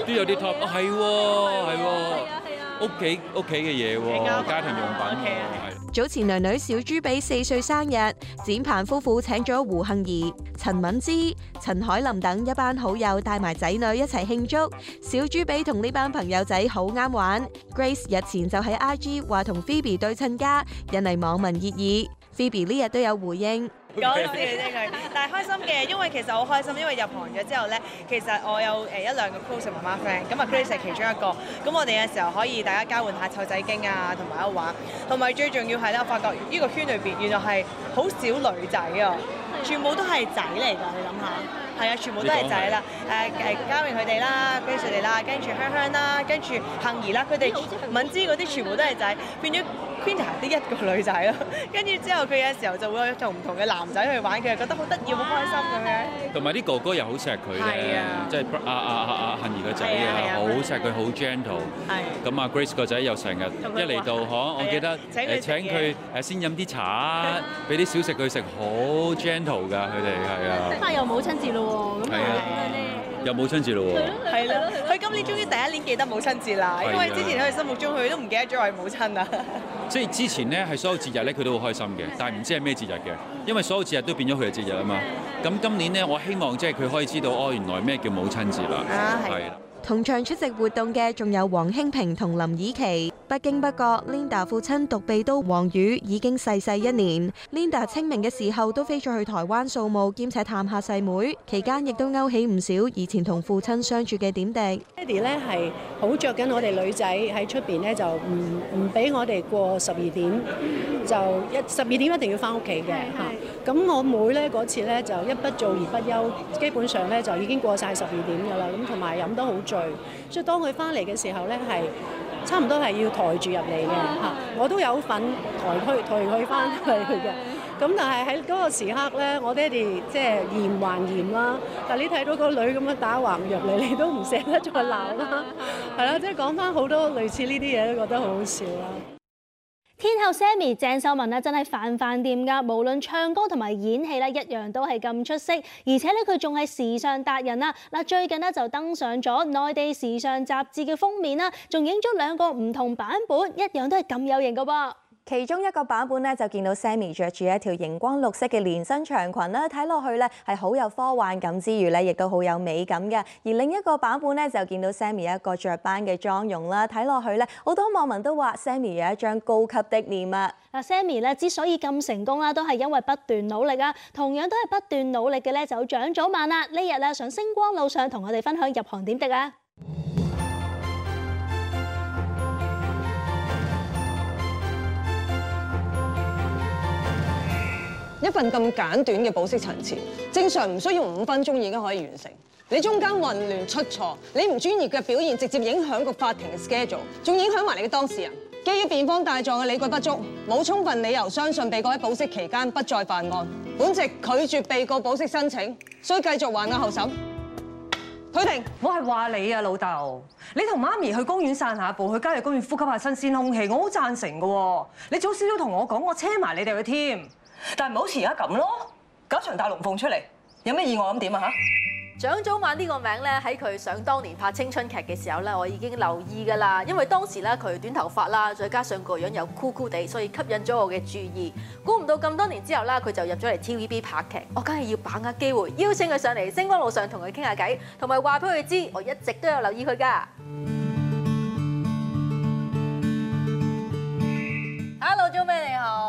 都有啲 top，係喎，係喎。 屋企屋企嘅嘢，家庭用品。早前女女小豬比四歲生日，展鵬夫婦請咗胡杏兒、陳敏芝、陳凱琳等一班好友帶埋仔女一齊慶祝。小豬比同呢班朋友仔好啱玩。Grace 日前就喺 IG 話同 Phoebe 對親家，引嚟網民熱議。Phoebe 呢日都有回應。講呢句， 但係開心嘅，因為其實好開心，因為入行咗之後咧，其實我有誒一兩個 close 嘅媽媽 friend，咁啊 Grace 其中一個，咁我哋嘅時候可以大家交換下湊仔經啊，同埋一玩，同埋最重要係咧，我發覺呢個圈裏邊原來係好少女仔啊，全部都係仔嚟㗎，你諗下。係啊，全部都係仔啦！誒誒，嘉榮佢哋啦，Grace 佢哋啦，跟住香香啦，跟住杏兒啦，佢哋敏芝嗰啲全部都係仔，變咗 Quinta 啲一個女仔咯。跟住之後，佢有時候就會同唔同嘅男仔去玩，佢又覺得好得意，好開心咁樣。同埋啲哥哥又好錫佢嘅，即係阿阿阿阿杏兒個仔啊，好錫佢，好 gentle。係。咁啊，Grace 個仔又成日一嚟到，呵，我記得誒請佢誒先飲啲茶，俾啲小食佢食，好 gentle 㗎，佢哋係啊。依家又有母親節嘞喎！係啊！又母親節嘞喎，係咯！佢今年終於第一年記得母親節啦，因為之前喺佢心目中，佢都唔記得咗佢母親啊。即係之前咧，係所有節日咧，佢都好開心嘅，但係唔知係咩節日嘅，因為所有節日都變咗佢嘅節日啊嘛。咁今年咧，我希望即係佢可以知道哦，原來咩叫母親節啦。啊，係。同場出席活動嘅仲有黃興平同林以琪。不經不覺，Linda 父親獨臂刀王羽已經逝世一年。Linda 清明嘅時候都飛咗去台灣掃墓，兼且探下細妹，期間亦都勾起唔少以前同父親相處嘅點滴。爹哋咧係好著緊我哋女仔，喺出邊咧，就唔唔俾我哋過十二點，就一十二點一定要翻屋企嘅嚇。咁我妹咧嗰次咧就一不做而不休，基本上咧就已經過曬十二點噶啦。咁同埋飲得好醉，所以當佢翻嚟嘅時候咧係。差唔多係要抬住入嚟嘅嚇，的我都有份抬佢，抬佢翻去嘅。咁的但係喺嗰個時刻咧，我爹哋即係嚴還嚴啦、啊。但係你睇到個女咁樣打橫入嚟，你都唔捨得再鬧啦。係啦，即係講翻好多類似呢啲嘢都覺得好好笑啦、啊。天后 Sammi 鄭秀文真係凡凡掂噶，無論唱歌同埋演戲一樣都係咁出色。而且咧，佢仲係時尚達人啦。最近咧就登上咗內地時尚雜誌嘅封面啦，仲影咗兩個唔同版本，一樣都係咁有型噶。其中一個版本咧就見到 Sammy 着住一條熒光綠色嘅連身長裙啦，睇落去咧係好有科幻感之餘咧，亦都好有美感嘅。而另一個版本咧就見到 Sammy 一個雀斑嘅妝容啦，睇落去咧好多網民都話 Sammy 有一張高級的臉啦。嗱，Sammy 咧之所以咁成功啦，都係因為不斷努力啦。同樣都係不斷努力嘅咧，就長早晚啦，呢日啊上星光路上同我哋分享入行點滴噶。一份咁簡短嘅保釋陳詞，正常唔需要五分鐘已經可以完成。你中間混亂出錯，你唔專業嘅表現，直接影響個法庭嘅 schedule，仲影響埋你嘅當事人。基於辯方大狀嘅理據不足，冇充分理由相信被告喺保釋期間不再犯案，本席拒絕被告保釋申請，所以繼續還押候審。退庭，我係話你啊，老豆，你同媽咪去公園散下步，去郊野公園呼吸下新鮮空氣，我好贊成嘅。你早少少同我講，我車埋你哋去添。但唔好似而家咁咯，搞場大龍鳳出嚟，有咩意外咁點啊嚇？蔣祖曼呢個名咧，喺佢想當年拍青春劇嘅時候咧，我已經留意噶啦，因為當時咧佢短頭髮啦，再加上個樣又酷酷哋，所以吸引咗我嘅注意。估唔到咁多年之後啦，佢就入咗嚟 TVB 拍劇，我梗係要把握機會邀請佢上嚟星光路上同佢傾下偈，同埋話俾佢知我一直都有留意佢噶。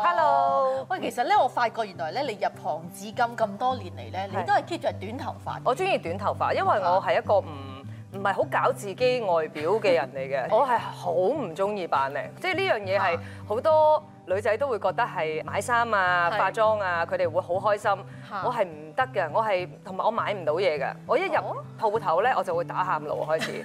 Hello，喂，其實咧，我發覺原來咧，你入行至今咁多年嚟咧，是你都係 keep 着短頭髮，我中意短頭髮，因為我係一個唔唔係好搞自己外表嘅人嚟嘅。是的 我係好唔中意扮靚，即係呢樣嘢係好多女仔都會覺得係買衫啊、化妝啊，佢哋會好開心。是的 我係唔。得嘅，我係同埋我買唔到嘢嘅，我一入鋪頭咧，我就會打喊路開始。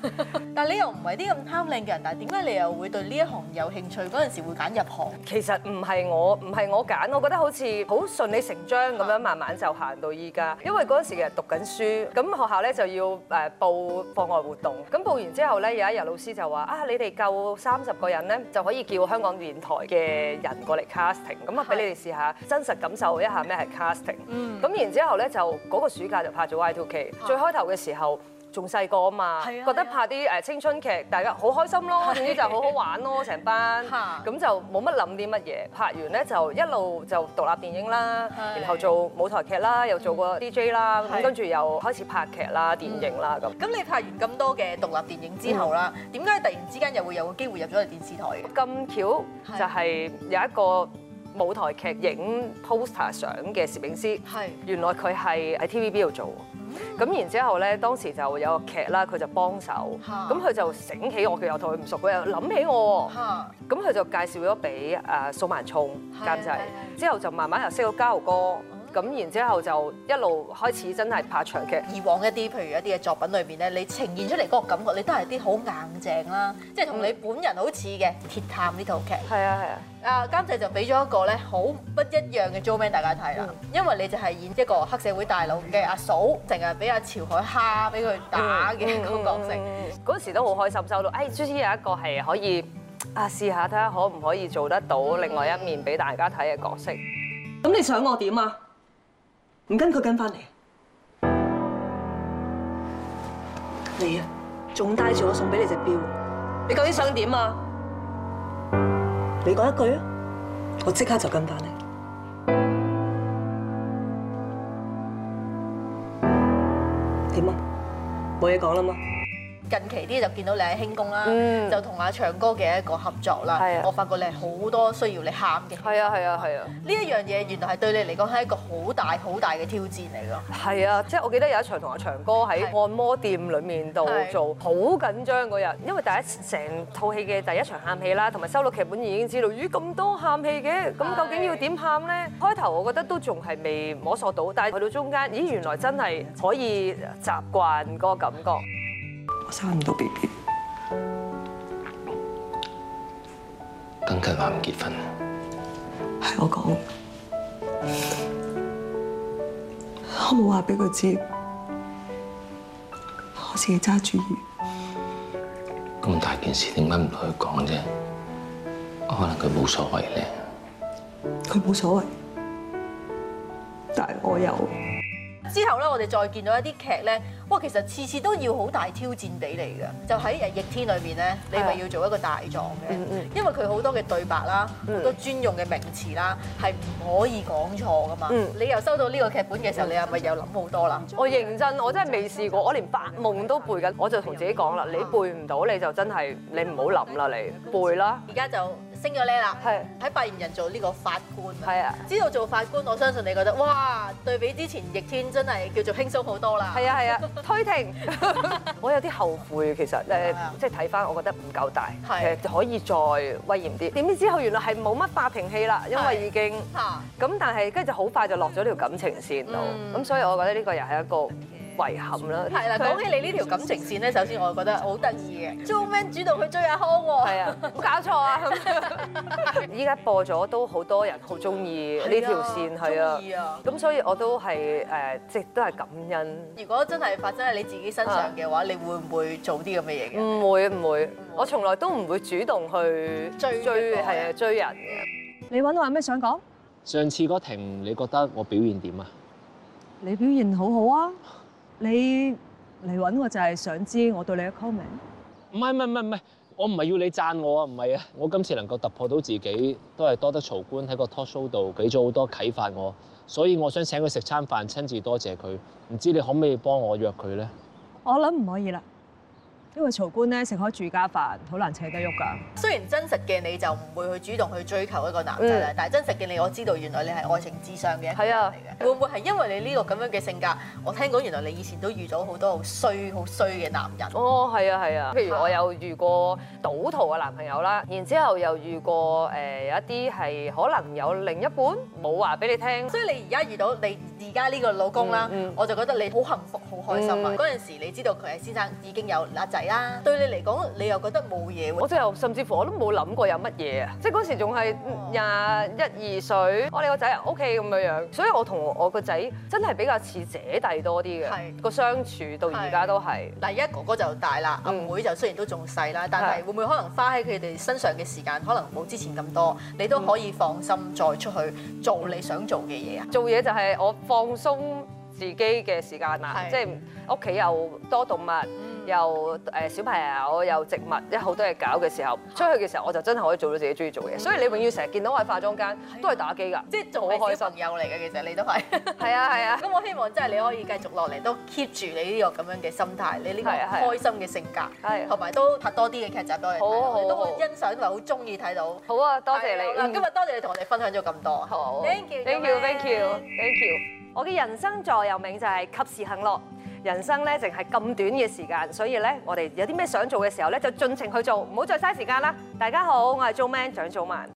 但係你又唔係啲咁貪靚嘅人，但係點解你又會對呢一行有興趣？嗰陣時會揀入行。其實唔係我唔係我揀，我覺得好似好順理成章咁樣慢慢就行到依家。因為嗰陣時嘅讀緊書，咁學校咧就要誒報課外活動。咁報完之後咧，有一日老師就話：啊，你哋夠三十個人咧，就可以叫香港電台嘅人過嚟 casting。咁啊，俾你哋試下真實感受一下咩係 casting。嗯。咁然之後。咧就嗰個暑假就拍咗 Y2K，的最開頭嘅時候仲細個啊嘛，的覺得拍啲誒青春劇，大家好開心咯，總之就好好玩咯，成班，咁的就冇乜諗啲乜嘢。拍完咧就一路就獨立電影啦，然後做舞台劇啦，又做過 DJ 啦的，咁跟住又開始拍劇啦、電影啦咁。咁的你拍完咁多嘅獨立電影之後啦，點解的突然之間又會有個機會入咗去電視台嘅？咁巧就係、是、有一個。舞台劇影 poster 相嘅攝影師，是的 原來佢係喺 TVB 度做，咁然之後咧，當時有個劇就有劇啦，佢是的 就幫手，咁佢就醒起我，佢又同佢唔熟，佢又諗起我，咁佢是的 就介紹咗俾阿蘇曼聰監製，之後就慢慢又識到嘉豪哥。咁然之後就一路開始真係拍長劇。以往一啲譬如一啲嘅作品裏邊咧，你呈現出嚟嗰個感覺，你都係啲好硬正啦，即係同你本人好似嘅。鐵探呢套劇，係啊係啊。啊監製就俾咗一個咧好不一樣嘅造型俾大家睇啦，因為你就係演一個黑社會大佬嘅阿嫂，淨係俾阿潮海蝦俾佢打嘅感覺性。嗰時都好開心收到，誒終於有一個係可以啊試下睇下可唔可以做得到另外一面俾大家睇嘅角色。咁你想我點啊？唔跟佢跟返嚟，你啊，仲戴住我送俾你隻表，你究竟想點啊？你講一句啊，我即刻就跟返你。點啊？冇嘢講啦嗎？近期啲就見到你喺輕工啦，就同阿長哥嘅一個合作啦。我發覺你係好多需要你喊嘅。係啊，係啊，係啊。呢一樣嘢原來係對你嚟講係一個好大好大嘅挑戰嚟㗎。係啊，即係我記得有一場同阿長哥喺按摩店裏面度做，好緊張嗰日，因為第一，成套戲嘅第一場喊戲啦，同埋收到劇本已經知道，咦咁多喊戲嘅，咁究竟要點喊咧？開頭我覺得都仲係未摸索到，但係去到中間，咦原來真係可以習慣個感覺。生唔到 B B，跟住話唔結婚，係我講，我冇話俾佢知，我自己揸主意。咁大件事點解唔同佢講啫？可能佢冇所謂咧，佢冇所謂，但係我有。之後咧，我哋再見到一啲劇咧，哇！其實次次都要好大挑戰俾你嘅。就喺《誒逆天》裏面咧，你咪要做一個大狀嘅，因為佢好多嘅對白啦，好多專用嘅名詞啦，係唔可以講錯㗎嘛。你又收到呢個劇本嘅時候，你係咪又諗好多啦？我認真，我真係未試過，我連發夢都背緊，我就同自己講啦：你背唔到，你就真係你唔好諗啦，你背啦。而家就。升咗呢啦，喺法言人做呢個法官的，啊，知道做法官，我相信你覺得哇，對比之前逆天真係叫做輕鬆好多啦。係啊係啊，推停， 我有啲後悔其實的，誒即係睇返，我覺得唔夠大，誒是的 的就可以再威嚴啲。點知之後原來係冇乜法庭戲啦，因為已經咁，的但係跟住就好快就落咗呢條感情線度，咁所以我覺得呢個又係一個。遺憾啦，係啦。講起你呢條感情線咧，首先我覺得好得意嘅 Joman 主動去追阿康喎，係啊，冇搞錯啊！依家播咗都好多人好中意呢條線，係啊，中意啊。咁所以我都係誒，即係都係感恩。如果真係發生喺你自己身上嘅話，你會唔會做啲咁嘅嘢嘅？唔會唔會，我從來都唔會主動去追追係啊追人嘅。你揾我有咩想講？上次嗰題，你覺得我表現點啊？你表現好好啊！你嚟揾我就係想知我對你嘅 comment？唔係唔係唔係唔係，我唔係要你讚我啊，唔係啊，我今次能夠突破到自己，都係多得曹官喺個 talk show 度俾咗好多啟發我，所以我想請佢食餐飯，親自多謝佢。唔知你可唔可以幫我約佢咧？我諗唔可以啦。因為曹官咧食開住家飯，好難請得喐㗎。雖然真實嘅你就唔會去主動去追求一個男仔啦，嗯、但係真實嘅你我知道原來你係愛情至上嘅嚟嘅。會唔會係因為你呢個咁樣嘅性格，我聽講原來你以前都遇到好多好衰好衰嘅男人。哦，係啊，係啊。譬如我有遇過賭徒嘅男朋友啦，然之後又遇過誒有一啲係可能有另一半冇話俾你聽，所以你而家遇到你而家呢個老公啦，我就覺得你好幸福、好開心啊！嗰陣、嗯、時你知道佢係先生已經有係啦，對你嚟講，你又覺得冇嘢喎。我最後甚至乎我都冇諗過有乜嘢啊！即係嗰時仲係廿一二歲，我哋個仔 O K 咁樣樣，所以我同我個仔真係比較似姐弟多啲嘅個相處到而家都係。嗱，而家哥哥就大啦，阿、嗯、妹就雖然都仲細啦，但係會唔會可能花喺佢哋身上嘅時間可能冇之前咁多？你都可以放心再出去做你想做嘅嘢啊！嗯、做嘢就係我放鬆自己嘅時間啦，即係屋企又多動物，嗯又誒小朋友有植物，一好多嘢搞嘅時候，出去嘅時候我就真係可以做到自己中意做嘢。所以你永遠成日見到我喺化妝間都係打機㗎，即係做好開心友嚟嘅，其實你都係。係啊係啊，咁我希望真係你可以繼續落嚟都 keep 住你呢個咁樣嘅心態，你呢個開心嘅性格，同埋都拍多啲嘅劇集都嘅嘢，我哋都會欣賞同埋好中意睇到。好啊，多謝你。嗱，今日多謝你同我哋分享咗咁多。Thank you，Thank you，Thank you，Thank you。我嘅人生座右銘就係及時行樂。人生咧淨係咁短嘅時間，所以呢，我哋有啲咩想做嘅時候呢，就盡情去做，唔好再嘥時間啦！大家好，我係 Joman 蔣祖曼。